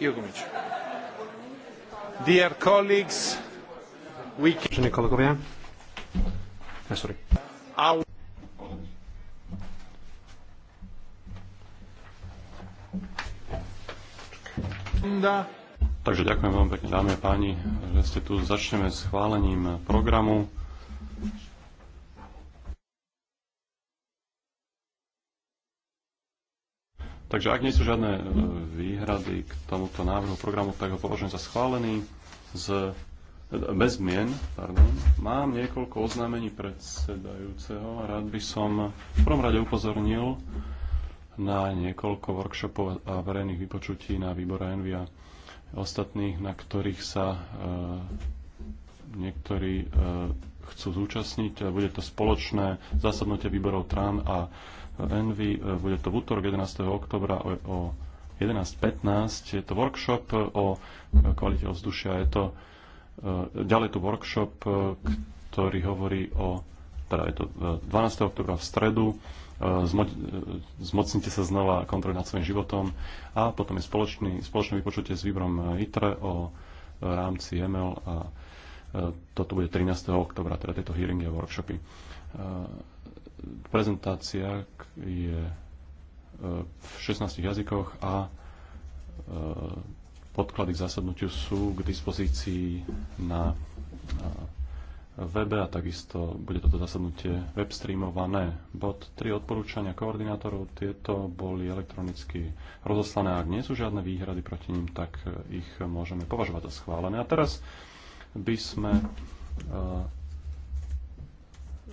Io kolegovia. Takže ďakujem veľmi pekne, dámy a páni, že ste tu. Začneme s chválením programu. Takže ak nie sú žiadne e, výhrady k tomuto návrhu programu, tak ho považujem za schválený z, e, bez zmien. Pardon. Mám niekoľko oznámení predsedajúceho. a Rád by som v prvom rade upozornil na niekoľko workshopov a verejných vypočutí na výbore Envia ostatných, na ktorých sa e, niektorí e, chcú zúčastniť. Bude to spoločné zasadnutie výborov TRAN a ENVY. Bude to v útorok 11. oktobra o 11.15. Je to workshop o kvalite ovzdušia. Je to e, ďalej tu workshop, e, ktorý hovorí o teda je to 12. E, oktobra v stredu, zmo, zmocnite sa znova kontroly nad svojim životom a potom je spoločný, spoločné vypočutie s výborom ITRE o rámci ML a E, toto bude 13. oktobra, teda tieto hearingy a workshopy. E, prezentácia je e, v 16 jazykoch a podklady k zasadnutiu sú k dispozícii na webe a takisto bude toto zasadnutie webstreamované. Bod 3 odporúčania koordinátorov, tieto boli elektronicky rozoslané. Ak nie sú žiadne výhrady proti ním, tak ich môžeme považovať za schválené. A teraz by sme eh,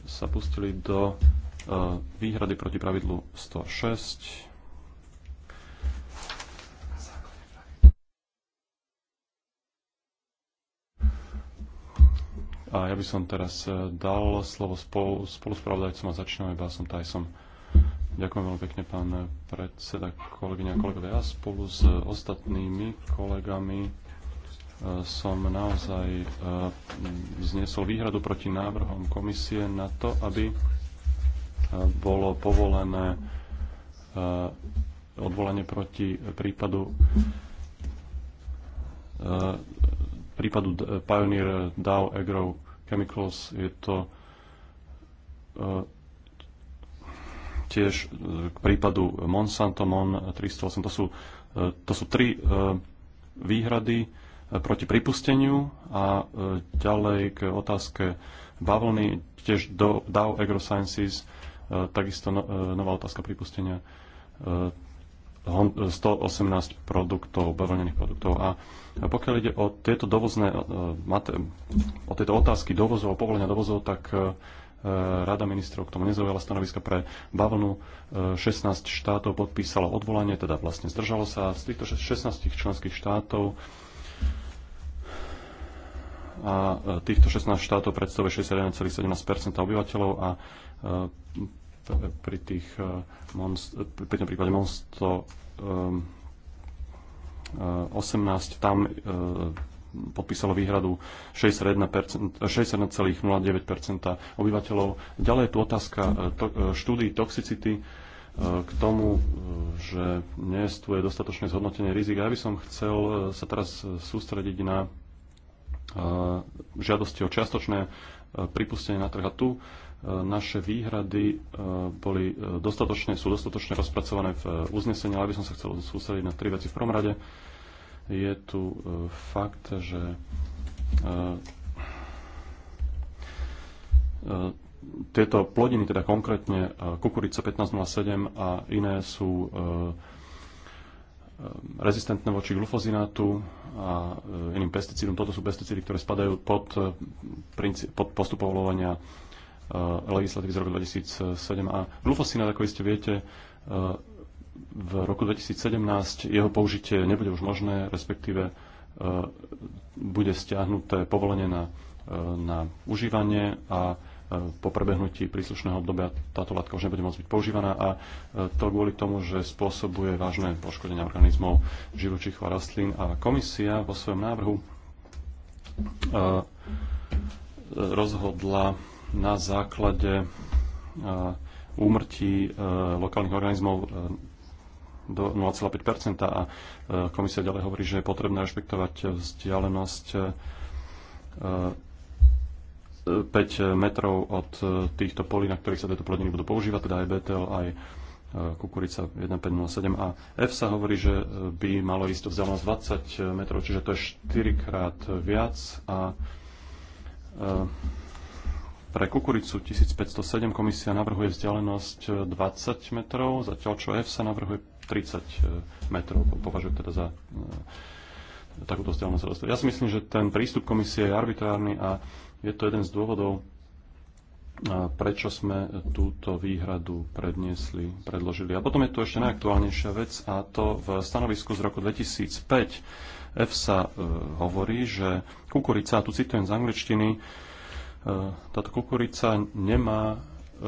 sa pustili do eh, výhrady proti pravidlu 106. A ja by som teraz eh, dal slovo spolu, spoluspravodajcom a začíname som Tyson. Ďakujem veľmi pekne, pán predseda, kolegyňa a kolegovia. Ja spolu s ostatnými kolegami som naozaj eh, zniesol výhradu proti návrhom komisie na to, aby eh, bolo povolené eh, odvolanie proti prípadu prípadu Pioneer Dow Agro Chemicals. Je to tiež k prípadu Monsanto Mon 308. To sú, to sú tri výhrady, proti pripusteniu a e, ďalej k otázke bavlny, tiež do DAO Agrosciences, e, takisto no, e, nová otázka pripustenia 118 produktov, bavlnených produktov. A pokiaľ ide o tieto dovozné, o tieto otázky dovozov, povolenia dovozov, tak Rada ministrov k tomu nezaujala stanoviska pre bavlnu. 16 štátov podpísalo odvolanie, teda vlastne zdržalo sa. Z týchto 16 členských štátov a e, týchto 16 štátov predstavuje 61,17 obyvateľov a e, pri, tých, e, pri tom prípade Monsto 18 tam podpísalo výhradu 61,09 obyvateľov. Ďalej je tu otázka to, štúdií toxicity k tomu, že nie je dostatočné zhodnotenie rizik. Ja by som chcel sa teraz sústrediť na žiadosti o čiastočné e, pripustenie na trh. A tu e, naše výhrady e, boli dostatočne, sú dostatočne rozpracované v uznesení, ale by som sa chcel sústrediť na tri veci. V prvom rade je tu fakt, že tieto plodiny, teda konkrétne kukurica 1507 a iné sú Ehm, rezistentné voči glufozinátu a e, iným pesticídom. Toto sú pesticídy, ktoré spadajú pod, e, pod postup povolovania e, legislatívy z roku 2007. A glufosinát, ako iste viete, v roku 2017 jeho použitie nebude už možné, respektíve bude stiahnuté povolenie na, na užívanie a po prebehnutí príslušného obdobia táto látka už nebude môcť byť používaná a e, to kvôli tomu, že spôsobuje vážne poškodenia organizmov živočích a rastlín. A komisia vo svojom návrhu e, rozhodla na základe e, úmrtí lokálnych organizmov do 0,5 a komisia ďalej hovorí, že je potrebné rešpektovať vzdialenosť 5 metrov od e, týchto polí, na ktorých sa tieto plodiny budú používať, teda aj BTL, aj e, kukurica 1507 a F sa hovorí, že e, by malo ísť to vzdialenosť 20 metrov, čiže to je 4 krát viac a pre kukuricu 1507 komisia navrhuje vzdialenosť 20 metrov, zatiaľ čo F sa navrhuje 30 metrov, považujem teda za takúto vzdialenosť. Ja si myslím, že ten prístup komisie je arbitrárny a je to jeden z dôvodov, prečo sme túto výhradu predniesli, predložili. A potom je tu ešte najaktuálnejšia vec a to v stanovisku z roku 2005 EFSA e, hovorí, že kukurica, a tu citujem z angličtiny, e, táto kukurica nemá E,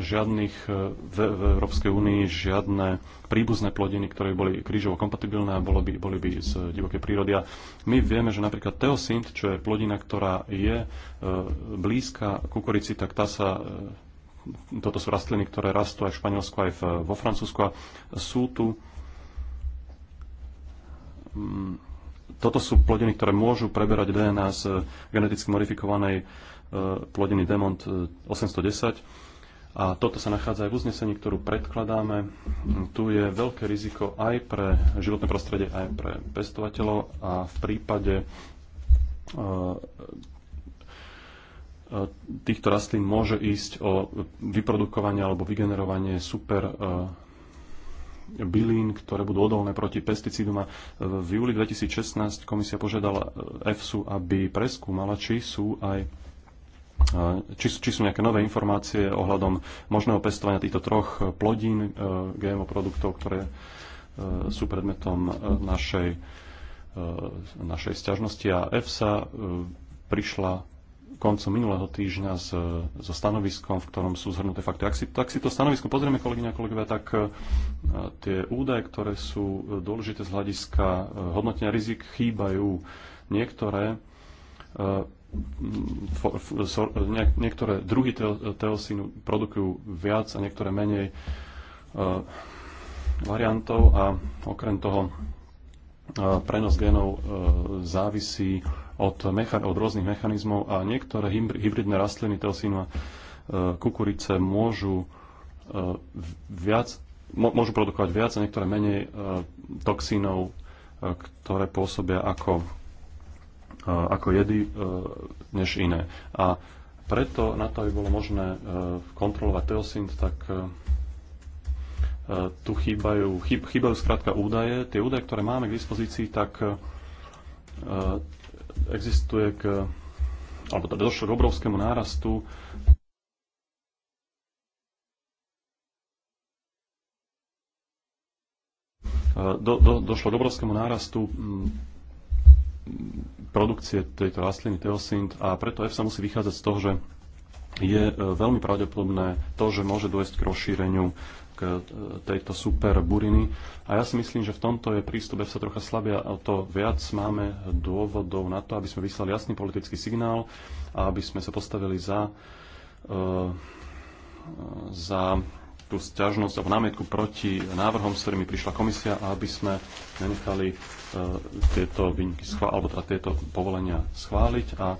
žiadnych e, v, v Európskej únii žiadne príbuzné plodiny, ktoré boli krížovo kompatibilné a boli by, boli by z divokej prírody. A my vieme, že napríklad teosint, čo je plodina, ktorá je e, blízka kukurici, tak tá sa toto sú rastliny, ktoré rastú aj v Španielsku, aj v, vo Francúzsku a sú tu mm, toto sú plodiny, ktoré môžu preberať DNA z geneticky modifikovanej plodiny Demont 810 a toto sa nachádza aj v uznesení, ktorú predkladáme. Tu je veľké riziko aj pre životné prostredie, aj pre pestovateľov a v prípade e, e, týchto rastlín môže ísť o vyprodukovanie alebo vygenerovanie super e, bylín, ktoré budú odolné proti pesticídom. A v júli 2016 komisia požiadala EFSU, aby preskúmala, či sú aj či, či sú nejaké nové informácie ohľadom možného pestovania týchto troch eh, plodín eh, GMO produktov, ktoré eh, sú predmetom našej, našej sťažnosti. A EFSA prišla koncom minulého týždňa s, so stanoviskom, v ktorom sú zhrnuté fakty. Ak si, ak si to stanovisko pozrieme, kolegyňa a kolegovia, tak tie údaje, ktoré sú dôležité z hľadiska hodnotenia rizik, chýbajú niektoré niektoré druhy teosínu produkujú viac a niektoré menej e, variantov a okrem toho e, prenos genov e, závisí od, mechan- od rôznych mechanizmov a niektoré hybridné rastliny teosínu a kukurice môžu viac môžu produkovať viac a niektoré menej toxínov, ktoré pôsobia ako ako jedy e, než iné. A preto na to, aby bolo možné e, kontrolovať teosint, tak e, tu chýbajú, chýb, chýbajú skrátka údaje. Tie údaje, ktoré máme k dispozícii, tak existuje k, alebo teda došlo k obrovskému nárastu do, do, došlo k obrovskému nárastu produkcie tejto rastliny teosint a preto EFSA musí vychádzať z toho, že je e, veľmi pravdepodobné to, že môže dôjsť k rozšíreniu k e, tejto super buriny. A ja si myslím, že v tomto je prístup EFSA trocha slabý a to viac máme dôvodov na to, aby sme vyslali jasný politický signál a aby sme sa postavili za, e, za tú sťažnosť alebo námietku proti návrhom, s ktorými prišla komisia a aby sme nenechali uh, tieto schvá- alebo teda tieto povolenia schváliť a uh,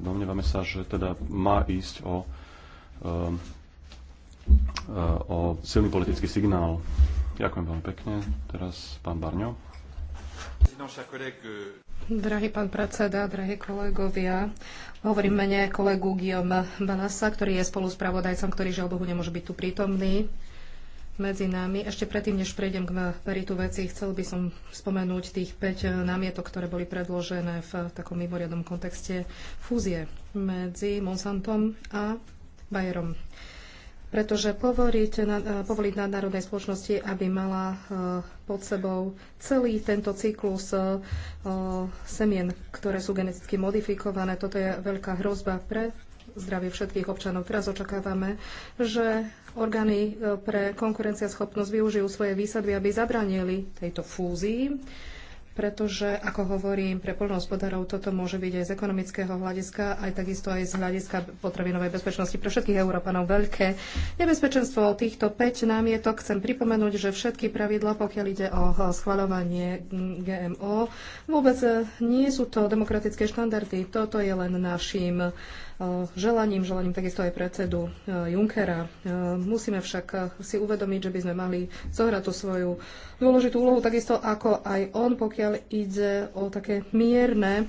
domnievame sa, že teda má ísť o, uh, o silný politický signál. Ďakujem veľmi pekne. Teraz pán Barňo. Drahý pán predseda, drahí kolegovia, hovorím mene kolegu Guillaume Balasa, ktorý je spoluspravodajcom, ktorý žiaľ Bohu nemôže byť tu prítomný medzi nami. Ešte predtým, než prejdem k peritu veci, chcel by som spomenúť tých 5 námietok, ktoré boli predložené v takom mimoriadnom kontexte fúzie medzi Monsantom a Bayerom pretože povoliť, eh, povoliť nadnárodnej spoločnosti, aby mala eh, pod sebou celý tento cyklus eh, semien, ktoré sú geneticky modifikované, toto je veľká hrozba pre zdravie všetkých občanov. Teraz očakávame, že orgány pre konkurenciaschopnosť využijú svoje výsadby, aby zabranili tejto fúzii pretože, ako hovorím, pre poľnohospodárov toto môže byť aj z ekonomického hľadiska, aj takisto aj z hľadiska potravinovej bezpečnosti pre všetkých Európanov veľké. Nebezpečenstvo týchto 5 námietok chcem pripomenúť, že všetky pravidla, pokiaľ ide o schvaľovanie GMO, vôbec nie sú to demokratické štandardy. Toto je len našim eh, želaním, želaním takisto aj predsedu eh, Junckera. Eh, musíme však si uvedomiť, že by sme mali zohrať tú svoju dôležitú úlohu, takisto ako aj on, pokiaľ pokiaľ ide o také mierne e,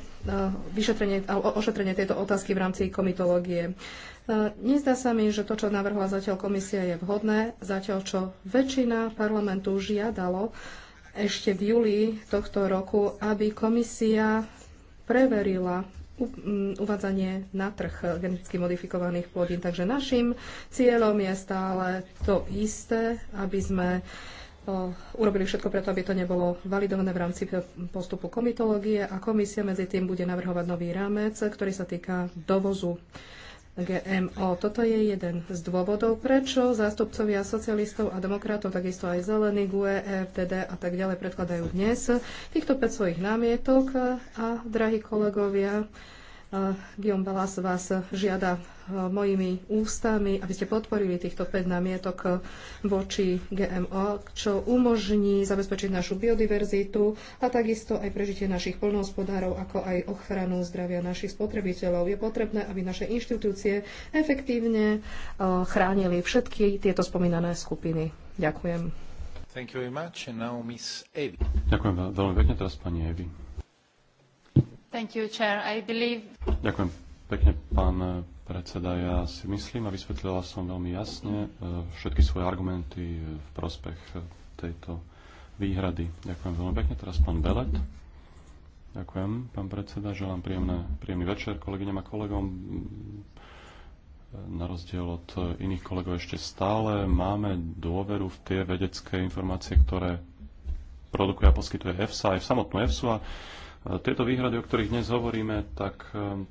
vyšetrenie, ošetrenie tejto otázky v rámci komitológie. E, nezdá sa mi, že to, čo navrhla zatiaľ komisia, je vhodné, zatiaľ čo väčšina parlamentu žiadalo ešte v júli tohto roku, aby komisia preverila uvádzanie na trh geneticky modifikovaných plodín. Takže našim cieľom je stále to isté, aby sme uh, Eh, urobili všetko preto, aby to nebolo validované v rámci postupu komitológie a komisia medzi tým bude navrhovať nový rámec, ktorý sa týka dovozu GMO. Toto je jeden z dôvodov, prečo zástupcovia socialistov a demokratov, takisto aj zelení, GUE, e, FDD a tak ďalej predkladajú dnes týchto 5 svojich námietok a, drahí kolegovia, Guillaume Balas vás žiada e, mojimi ústami, aby ste podporili týchto 5 namietok e, voči GMO, čo umožní zabezpečiť našu biodiverzitu a takisto aj prežitie našich poľnohospodárov, ako aj ochranu zdravia našich spotrebiteľov. Je potrebné, aby naše inštitúcie efektívne e, chránili všetky tieto spomínané skupiny. Ďakujem. Ďakujem veľmi pekne teraz pani Evi. You, believe... Ďakujem pekne, pán eh, predseda. Ja si myslím a vysvetlila som veľmi jasne eh, všetky svoje argumenty eh, v prospech tejto výhrady. Ďakujem veľmi pekne. Teraz pán Belet. Ďakujem, pán predseda. Želám príjemné, príjemný večer kolegyňam a kolegom. Na rozdiel od iných kolegov ešte stále máme dôveru v tie vedecké informácie, ktoré produkuje a poskytuje EFSA aj v samotnú EFSA. Tieto výhrady, o ktorých dnes hovoríme, tak e,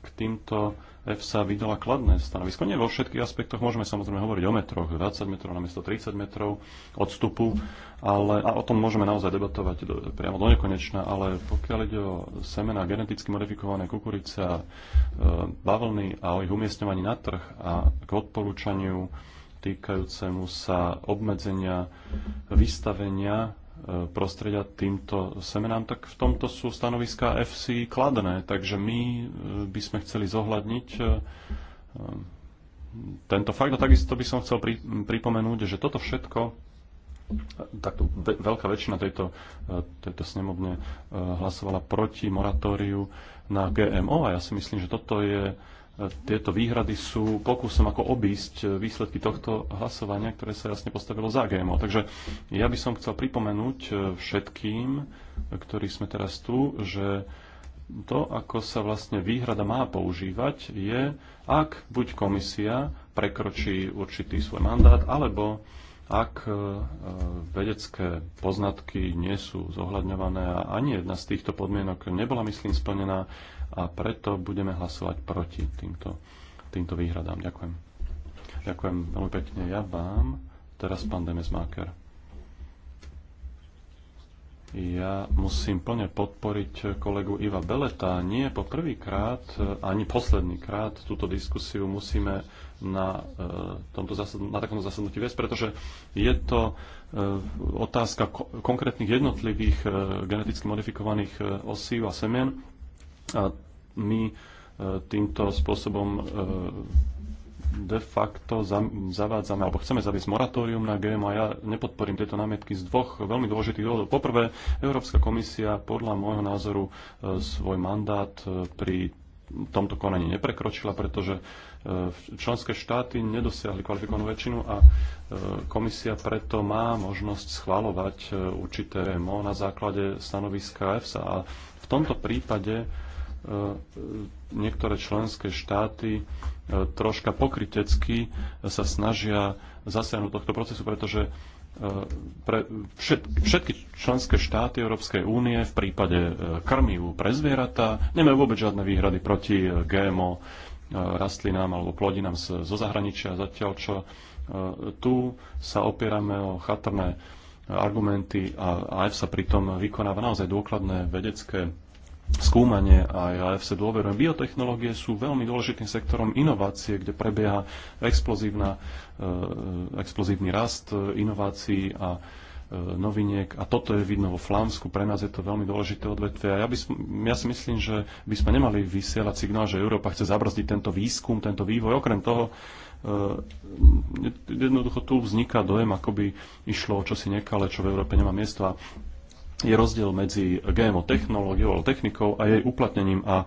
k týmto EFSA vydala kladné stanovisko. Nie vo všetkých aspektoch môžeme samozrejme hovoriť o metroch, 20 metrov na miesto 30 metrov odstupu, ale, a o tom môžeme naozaj debatovať do, priamo do nekonečna, ale pokiaľ ide o semená geneticky modifikované kukurice a e, bavlny a o ich umiestňovaní na trh a k odporúčaniu týkajúcemu sa obmedzenia vystavenia prostredia týmto semenám, tak v tomto sú stanoviská FC kladné, takže my eh, by sme chceli zohľadniť eh, eh, tento fakt. A takisto by som chcel pripomenúť, že toto všetko, takto veľká väčšina tejto, tejto snemovne hlasovala proti moratóriu na GMO a ja si myslím, že toto je tieto výhrady sú pokusom, ako obísť výsledky tohto hlasovania, ktoré sa jasne postavilo za GMO. Takže ja by som chcel pripomenúť všetkým, ktorí sme teraz tu, že to, ako sa vlastne výhrada má používať, je, ak buď komisia prekročí určitý svoj mandát, alebo ak e, vedecké poznatky nie sú zohľadňované a ani jedna z týchto podmienok nebola, myslím, splnená a preto budeme hlasovať proti týmto, týmto výhradám. Ďakujem. Ďakujem veľmi pekne ja vám. Teraz pán Máker. Ja musím plne podporiť kolegu Iva Beleta. Nie po prvýkrát, ani posledný krát túto diskusiu musíme na, eh, tomto zasadn- na takomto zasadnutí viesť, pretože je to eh, otázka konkrétnych jednotlivých eh, geneticky modifikovaných osív a semien. A my týmto spôsobom de facto zavádzame, alebo chceme zaviesť moratórium na GMO a ja nepodporím tieto námietky z dvoch veľmi dôležitých dôvodov. Poprvé, Európska komisia podľa môjho názoru e, svoj mandát e, pri tomto konaní neprekročila, pretože e, členské štáty nedosiahli kvalifikovanú väčšinu a komisia preto má možnosť schvalovať určité MO na základe stanoviska EFSA. A v tomto prípade E, niektoré členské štáty e, troška pokrytecky sa snažia zasiahnuť tohto procesu, pretože e, pre všetky členské štáty Európskej únie v prípade krmivu pre zvieratá nemajú vôbec žiadne výhrady proti GMO rastlinám alebo plodinám zo zahraničia, zatiaľ čo tu sa opierame o chatrné argumenty a EFSA pritom vykonáva naozaj dôkladné vedecké skúmanie a ja v dôverujem. Biotechnológie sú veľmi dôležitým sektorom inovácie, kde prebieha explozívna, eh, explozívny rast eh, inovácií a eh, noviniek a toto je vidno vo Flámsku, pre nás je to veľmi dôležité odvetvie a ja, by som, ja si myslím, že by sme nemali vysielať signál, že Európa chce zabrzdiť tento výskum, tento vývoj. Okrem toho, jednoducho tu vzniká dojem, ako by išlo o čosi nekale, čo v Európe nemá miesto a je rozdiel medzi GMO technológiou alebo technikou a jej uplatnením a e,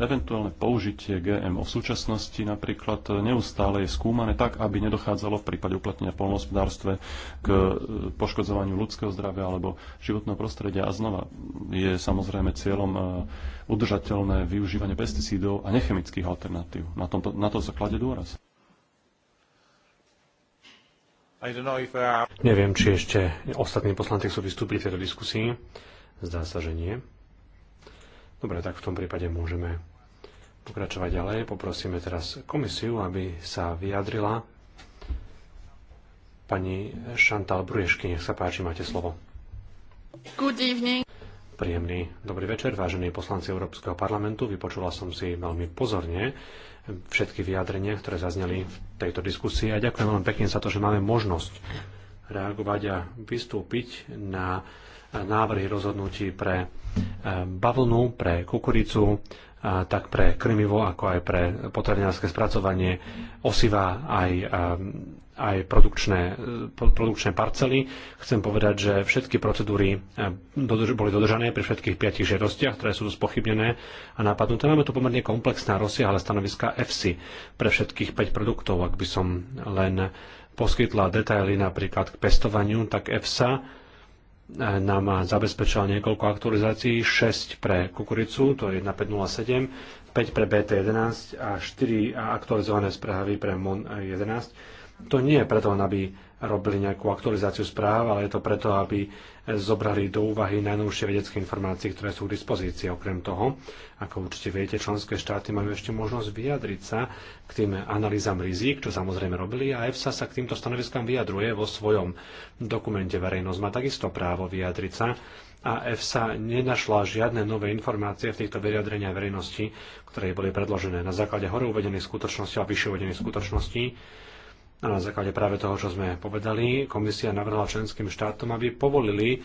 eventuálne použitie GMO v súčasnosti napríklad neustále je skúmané tak, aby nedochádzalo v prípade uplatnenia v polnohospodárstve k e, poškodzovaniu ľudského zdravia alebo životného prostredia. A znova je samozrejme cieľom e, udržateľné využívanie pesticídov a nechemických alternatív. Na, tomto, na to sa kladie dôraz. Uh, Neviem, či ešte ostatní poslanci chcú vystúpiť v tejto diskusii. Zdá sa, že nie. Dobre, tak v tom prípade môžeme pokračovať ďalej. Poprosíme teraz komisiu, aby sa vyjadrila. Pani Šantal Bruješky, nech sa páči, máte slovo. Good evening. Príjemný dobrý večer, vážení poslanci Európskeho parlamentu. Vypočula som si veľmi pozorne všetky vyjadrenia, ktoré zazneli v tejto diskusii a ďakujem veľmi pekne za to, že máme možnosť reagovať a vystúpiť na návrhy rozhodnutí pre eh, bavlnu, pre kukuricu, tak pre krmivo, ako aj pre potravinárske spracovanie osiva aj, ehm, aj produkčné, eh, produkčné parcely. Chcem povedať, že všetky procedúry eh, boli dodržané pri všetkých piatich žiadostiach, ktoré sú spochybnené a napadnuté. Máme tu pomerne komplexná rozsiahle stanoviska EFSI pre všetkých 5 produktov. Ak by som len poskytla detaily napríklad k pestovaniu, tak EFSA nám zabezpečila niekoľko aktualizácií, 6 pre kukuricu, to je 1507, 5 pre BT11 a 4 aktualizované správy pre MON11. To nie je preto, aby robili nejakú aktualizáciu správ, ale je to preto, aby zobrali do úvahy najnovšie vedecké informácie, ktoré sú k dispozícii. Okrem toho, ako určite viete, členské štáty majú ešte možnosť vyjadriť sa k tým analýzam rizik, čo samozrejme robili, a EFSA sa k týmto stanoviskám vyjadruje vo svojom dokumente. Verejnosť má takisto právo vyjadriť sa a EFSA nenašla žiadne nové informácie v týchto vyjadreniach verejnosti, ktoré boli predložené na základe hore uvedených skutočností a vyššie uvedených skutočností a na základe práve toho, čo sme povedali, komisia navrhla členským štátom, aby povolili e,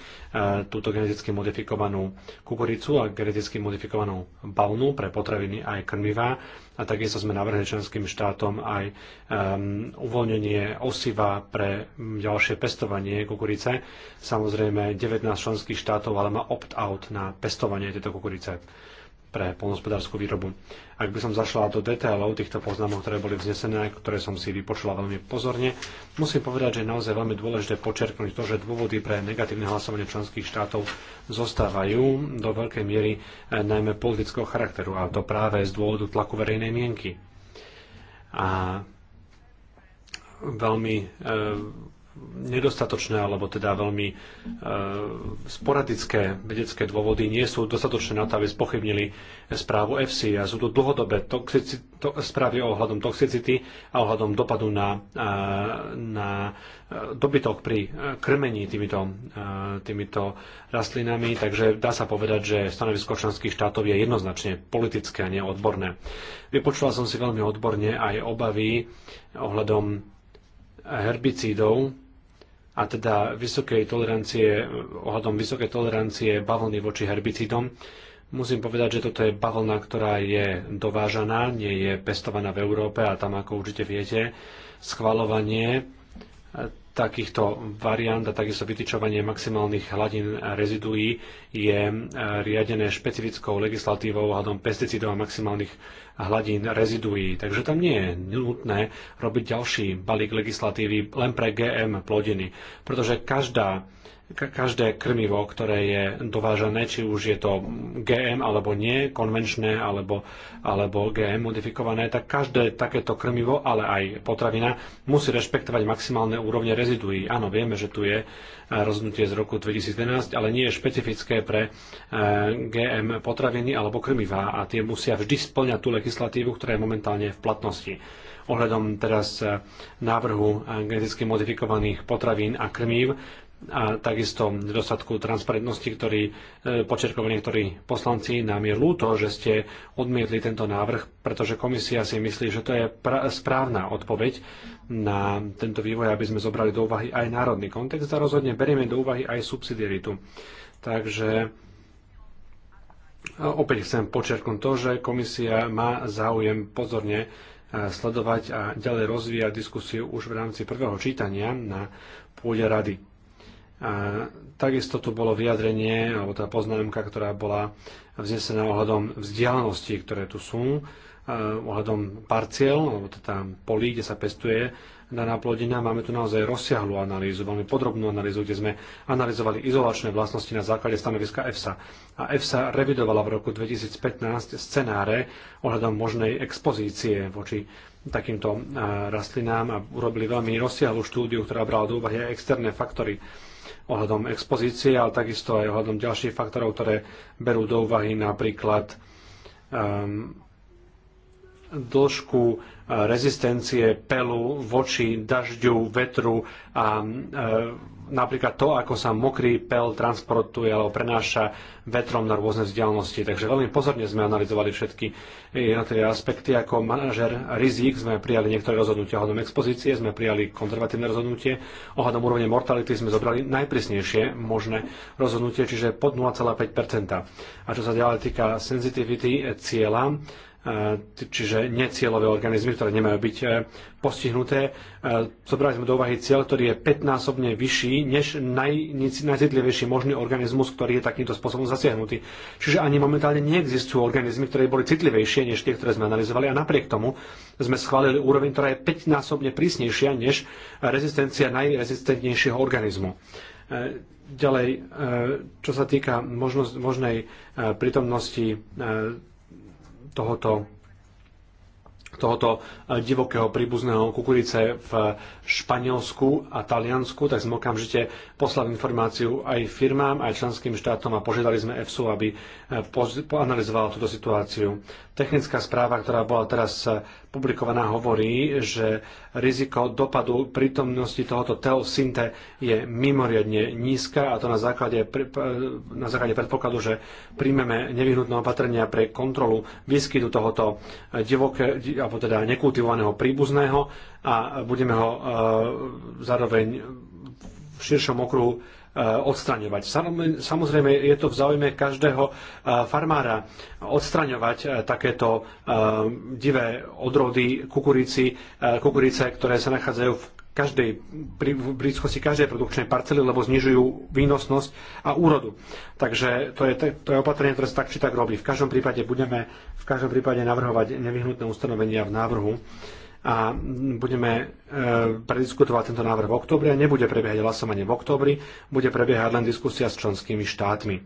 túto geneticky modifikovanú kukuricu a geneticky modifikovanú balnu pre potraviny aj krmivá. A takisto sme navrhli členským štátom aj um, uvoľnenie osiva pre ďalšie pestovanie kukurice. Samozrejme, 19 členských štátov ale má opt-out na pestovanie tejto kukurice pre polnospodárskú výrobu. Ak by som zašla do detailov týchto poznámok, ktoré boli vznesené, ktoré som si vypočula veľmi pozorne, musím povedať, že je naozaj veľmi dôležité počerknúť to, že dôvody pre negatívne hlasovanie členských štátov zostávajú do veľkej miery eh, najmä politického charakteru a to práve z dôvodu tlaku verejnej mienky. A veľmi e, nedostatočné alebo teda veľmi e, sporadické vedecké dôvody nie sú dostatočné na to, aby spochybnili správu EFSI a sú to dlhodobé toxici, to, správy ohľadom toxicity a ohľadom dopadu na, a, e, na e, dobytok pri e, krmení týmito, a, týmito rastlinami, takže dá sa povedať, že stanovisko členských štátov je jednoznačne politické a neodborné. Vypočula som si veľmi odborne aj obavy ohľadom herbicídov, a teda vysokej tolerancie, ohľadom vysokej tolerancie bavlny voči herbicidom. Musím povedať, že toto je bavlna, ktorá je dovážaná, nie je pestovaná v Európe a tam, ako určite viete, schvalovanie takýchto variant a takisto vytyčovanie maximálnych hladín reziduí je e, riadené špecifickou legislatívou hľadom pesticídov a maximálnych hladín reziduí. Takže tam nie je nutné robiť ďalší balík legislatívy len pre GM plodiny, pretože každá každé krmivo, ktoré je dovážané, či už je to GM alebo nie, konvenčné alebo, alebo GM modifikované, tak každé takéto krmivo, ale aj potravina, musí rešpektovať maximálne úrovne reziduí. Áno, vieme, že tu je eh, rozhodnutie z roku 2011, ale nie je špecifické pre eh, GM potraviny alebo krmivá a tie musia vždy splňať tú legislatívu, ktorá je momentálne v platnosti ohľadom teraz eh, návrhu geneticky modifikovaných potravín a krmív a takisto nedostatku transparentnosti, ktorý e, počerkovali niektorí poslanci. Nám je ľúto, že ste odmietli tento návrh, pretože komisia si myslí, že to je správna odpoveď na tento vývoj, aby sme zobrali do úvahy aj národný kontext a rozhodne berieme do úvahy aj subsidiaritu. Takže e, opäť chcem počerknúť to, že komisia má záujem pozorne e, sledovať a ďalej rozvíjať diskusiu už v rámci prvého čítania na pôde rady Takisto tu bolo vyjadrenie, alebo tá poznámka, ktorá bola vznesená ohľadom vzdialeností, ktoré tu sú, e, ohľadom parciel, alebo teda polí, kde sa pestuje daná plodina. Máme tu naozaj rozsiahlu analýzu, veľmi podrobnú analýzu, kde sme analyzovali izolačné vlastnosti na základe stanoviska EFSA. A EFSA revidovala v roku 2015 scenáre ohľadom možnej expozície voči takýmto e, rastlinám a urobili veľmi rozsiahlu štúdiu, ktorá brala do úvahy aj externé faktory ohľadom expozície, ale takisto aj ohľadom ďalších faktorov, ktoré berú do úvahy napríklad um, dĺžku e, rezistencie pelu voči dažďu, vetru a e, napríklad to, ako sa mokrý pel transportuje alebo prenáša vetrom na rôzne vzdialenosti. Takže veľmi pozorne sme analyzovali všetky eh, jednotlivé aspekty. Ako manažer rizik sme prijali niektoré rozhodnutia ohľadom expozície, sme prijali konzervatívne rozhodnutie, ohľadom úrovne mortality sme zobrali najprísnejšie možné rozhodnutie, čiže pod 0,5 A čo sa ďalej týka sensitivity eh, cieľa, E, čiže necieľové organizmy, ktoré nemajú byť e, postihnuté. E, zobrali sme do úvahy cieľ, ktorý je 15 násobne vyšší než naj, najcitlivejší možný organizmus, ktorý je takýmto spôsobom zasiahnutý. Čiže ani momentálne neexistujú organizmy, ktoré boli citlivejšie než tie, ktoré sme analyzovali a napriek tomu sme schválili úroveň, ktorá je 5-násobne prísnejšia než rezistencia najrezistentnejšieho organizmu. Ďalej, čo sa týka možnej prítomnosti tohoto tohoto eh, divokého príbuzného kukurice v Španielsku a Taliansku, tak sme okamžite poslali informáciu aj firmám, aj členským štátom a požiadali sme EFSU, aby eh, poanalizovala túto situáciu. Technická správa, ktorá bola teraz eh, publikovaná hovorí, že riziko dopadu prítomnosti tohoto teosynte je mimoriadne nízka a to na základe, na základe predpokladu, že príjmeme nevyhnutné opatrenia pre kontrolu výskytu tohoto divoké, alebo teda nekultivovaného príbuzného a budeme ho e, zároveň v širšom okruhu Eh, odstraňovať. Samozrejme, je to v záujme každého eh, farmára odstraňovať eh, takéto divé odrody kukurici, kukurice, ktoré sa nachádzajú v každej, pri, v blízkosti každej produkčnej parcely, lebo znižujú výnosnosť a úrodu. Takže to je, to je opatrenie, ktoré sa tak či tak robí. V každom prípade budeme v každom prípade navrhovať nevyhnutné ustanovenia v návrhu a budeme e, prediskutovať tento návrh v oktobri a nebude prebiehať hlasovanie v oktobri, bude prebiehať len diskusia s členskými štátmi.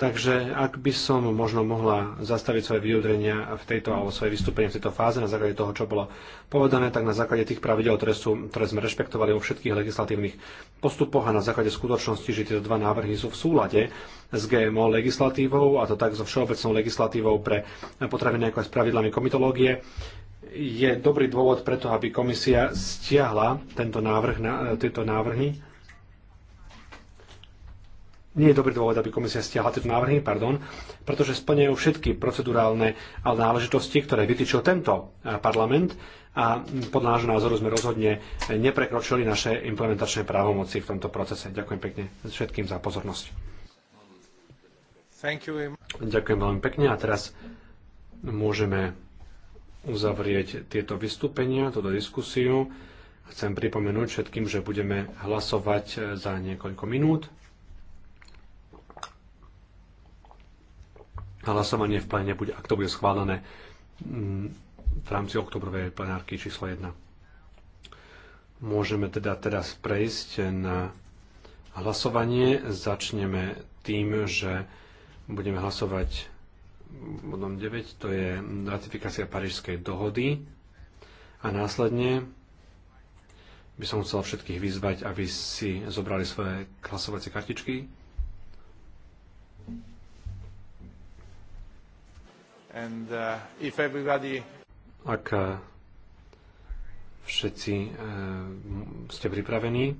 Takže ak by som možno mohla zastaviť svoje vyjadrenia v tejto alebo svoje vystúpenie v tejto fáze na základe toho, čo bolo povedané, tak na základe tých pravidel, ktoré, sú, ktoré sme rešpektovali vo všetkých legislatívnych postupoch a na základe skutočnosti, že tieto dva návrhy sú v súlade s GMO legislatívou, a to tak so všeobecnou legislatívou pre potraviny ako aj s pravidlami komitológie, je dobrý dôvod preto, aby komisia stiahla tento návrh, na, e, tieto návrhy. Nie je dobrý dôvod, aby komisia stiahla tieto návrhy, pardon, pretože splňajú všetky procedurálne náležitosti, ktoré vytýčil tento e, parlament a podľa nášho názoru sme rozhodne neprekročili naše implementačné právomoci v tomto procese. Ďakujem pekne všetkým za pozornosť. Ďakujem veľmi pekne a teraz môžeme uzavrieť tieto vystúpenia, túto diskusiu. Chcem pripomenúť všetkým, že budeme hlasovať za niekoľko minút. Hlasovanie v plene bude, ak to bude schválené, mm, v rámci oktobrovej plenárky číslo 1. Môžeme teda teraz prejsť na hlasovanie. Začneme tým, že budeme hlasovať bodom 9, to je ratifikácia Parížskej dohody. A následne by som chcel všetkých vyzvať, aby si zobrali svoje klasovacie kartičky. And, uh, if everybody... Ak uh, všetci uh, ste pripravení,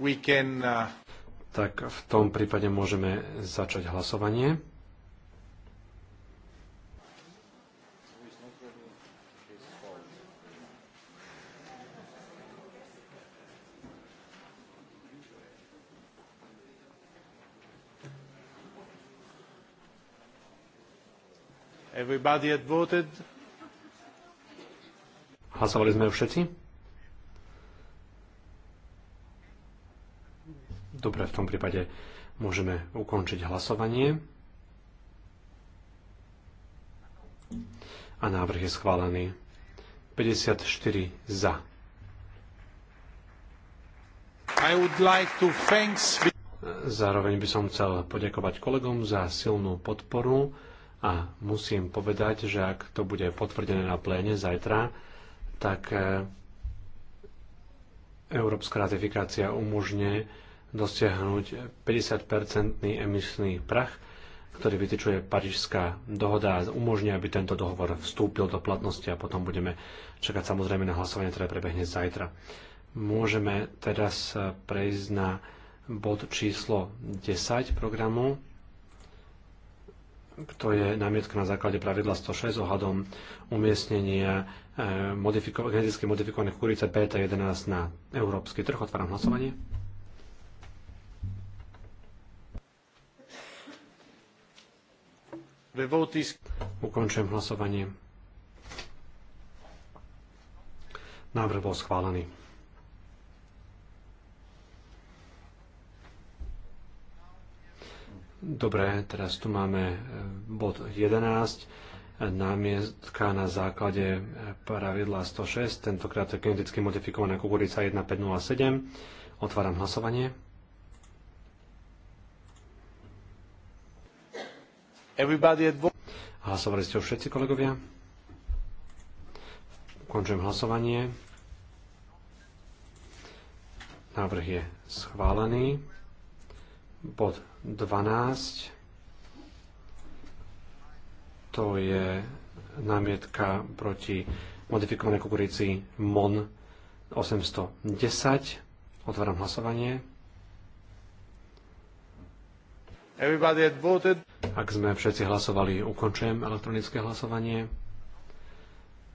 we can, uh tak v tom prípade môžeme začať hlasovanie. Everybody had voted. Hlasovali sme všetci? Dobre, v tom prípade môžeme ukončiť hlasovanie. A návrh je schválený. 54 za. I would like to thanks... Zároveň by som chcel poďakovať kolegom za silnú podporu a musím povedať, že ak to bude potvrdené na pléne zajtra, tak eh, európska ratifikácia umožňuje dosiahnuť 50-percentný emisný prach, ktorý vytýčuje Parížská dohoda a umožní, aby tento dohovor vstúpil do platnosti a potom budeme čakať samozrejme na hlasovanie, ktoré prebehne zajtra. Môžeme teraz prejsť na bod číslo 10 programu, kto je námietka na základe pravidla 106 ohľadom umiestnenia eh, modifiko- geneticky modifikovaných kurice pt 11 na európsky trh. Otváram hlasovanie. The Ukončujem hlasovanie. Návrh bol schválený. Dobre, teraz tu máme e, bod 11, námietka na základe e, pravidla 106, tentokrát je geneticky modifikovaná kukurica 1507. Otváram hlasovanie. Hlasovali ste už všetci kolegovia? Končujem hlasovanie. Návrh je schválený. Bod 12. To je námietka proti modifikovanej kukurici MON 810. Otváram hlasovanie. Everybody had voted. Ak sme všetci hlasovali, ukončujem elektronické hlasovanie.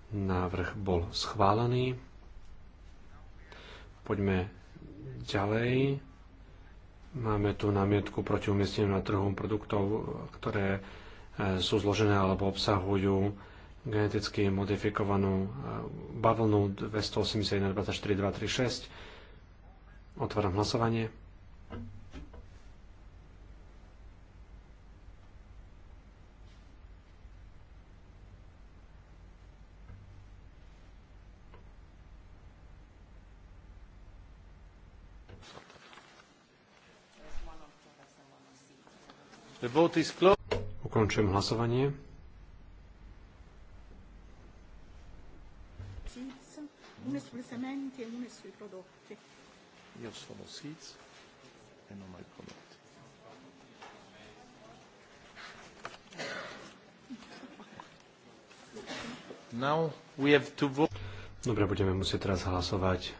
Návrh bol schválený. Poďme ďalej. Máme tu námietku proti umiestneniu na trhu produktov, ktoré e, sú zložené alebo obsahujú geneticky modifikovanú e, bavlnu 281 24 236. Otváram hlasovanie. Ukončujem hlasovanie. Io sono e non ho i prodotti. Now we have to vote. Dobre, budeme musieť teraz hlasovať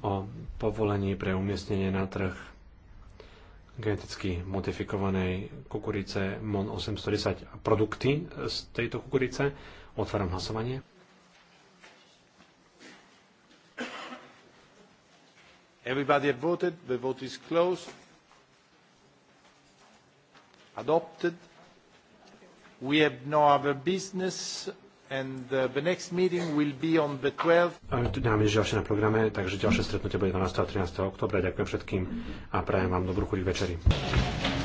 o povolení pre umiestnenie na trh geneticky modifikovanej kukurice MON 810 a produkty z tejto kukurice. Otváram hlasovanie. Everybody have voted. The vote is closed. Adopted. We have no other business. And uh, the next meeting will be on the 12th. ďalšie na programe, takže ďalšie stretnutie bude 12. a 13. oktobra. Ďakujem všetkým a prajem vám dobrú chuť večeri.